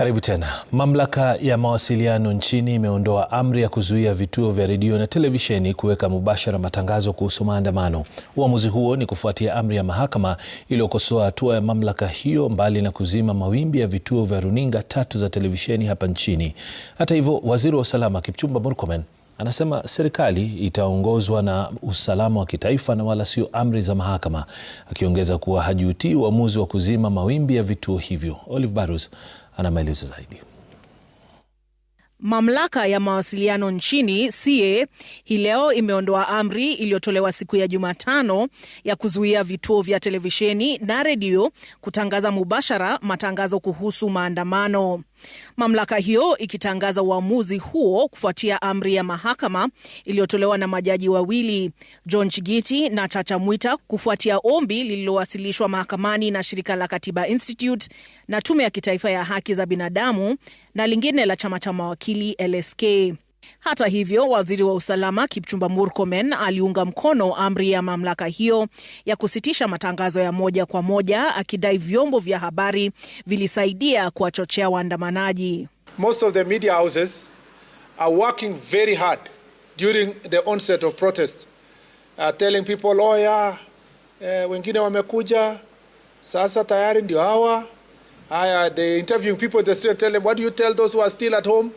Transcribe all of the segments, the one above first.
Karibu tena. Mamlaka ya mawasiliano nchini imeondoa amri ya kuzuia vituo vya redio na televisheni kuweka mubashara matangazo kuhusu maandamano. Uamuzi huo ni kufuatia amri ya mahakama iliyokosoa hatua ya mamlaka hiyo, mbali na kuzima mawimbi ya vituo vya runinga tatu za televisheni hapa nchini. Hata hivyo, waziri wa usalama Kipchumba Murkomen Anasema serikali itaongozwa na usalama wa kitaifa na wala sio amri za mahakama, akiongeza kuwa hajutii uamuzi wa kuzima mawimbi ya vituo hivyo. Olive Barus ana maelezo zaidi. Mamlaka ya mawasiliano nchini CA hii leo imeondoa amri iliyotolewa siku ya Jumatano ya kuzuia vituo vya televisheni na redio kutangaza mubashara matangazo kuhusu maandamano. Mamlaka hiyo ikitangaza uamuzi huo kufuatia amri ya mahakama iliyotolewa na majaji wawili John Chigiti na Chacha Mwita kufuatia ombi lililowasilishwa mahakamani na shirika la Katiba Institute na tume ya kitaifa ya haki za binadamu na lingine la chama cha mawakili LSK. Hata hivyo, waziri wa usalama Kipchumba Murkomen aliunga mkono amri ya mamlaka hiyo ya kusitisha matangazo ya moja kwa moja, akidai vyombo vya habari vilisaidia kuwachochea waandamanaji. Most of the media houses are working very hard during the onset of protest, uh, telling people oh yeah, eh, wengine wamekuja sasa tayari ndio hawa haya, they interviewing people in the street, tell them what do you tell those who are still at home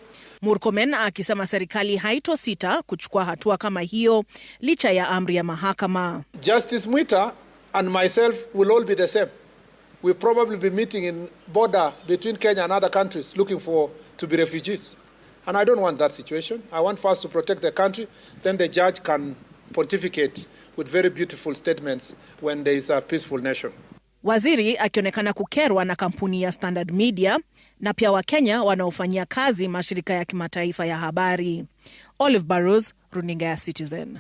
Murkomen akisema serikali haitosita kuchukua hatua kama hiyo licha ya amri ya mahakama. Justice Mwita and myself will all be the same. We'll probably be meeting in border between Kenya and other countries looking for to be refugees. And I don't want that situation. I want first to protect the country, then the judge can pontificate with very beautiful statements when there is a peaceful nation. Waziri akionekana kukerwa na kampuni ya Standard Media na pia Wakenya wanaofanyia kazi mashirika ya kimataifa ya habari. Olive Barrows, runinga ya Citizen.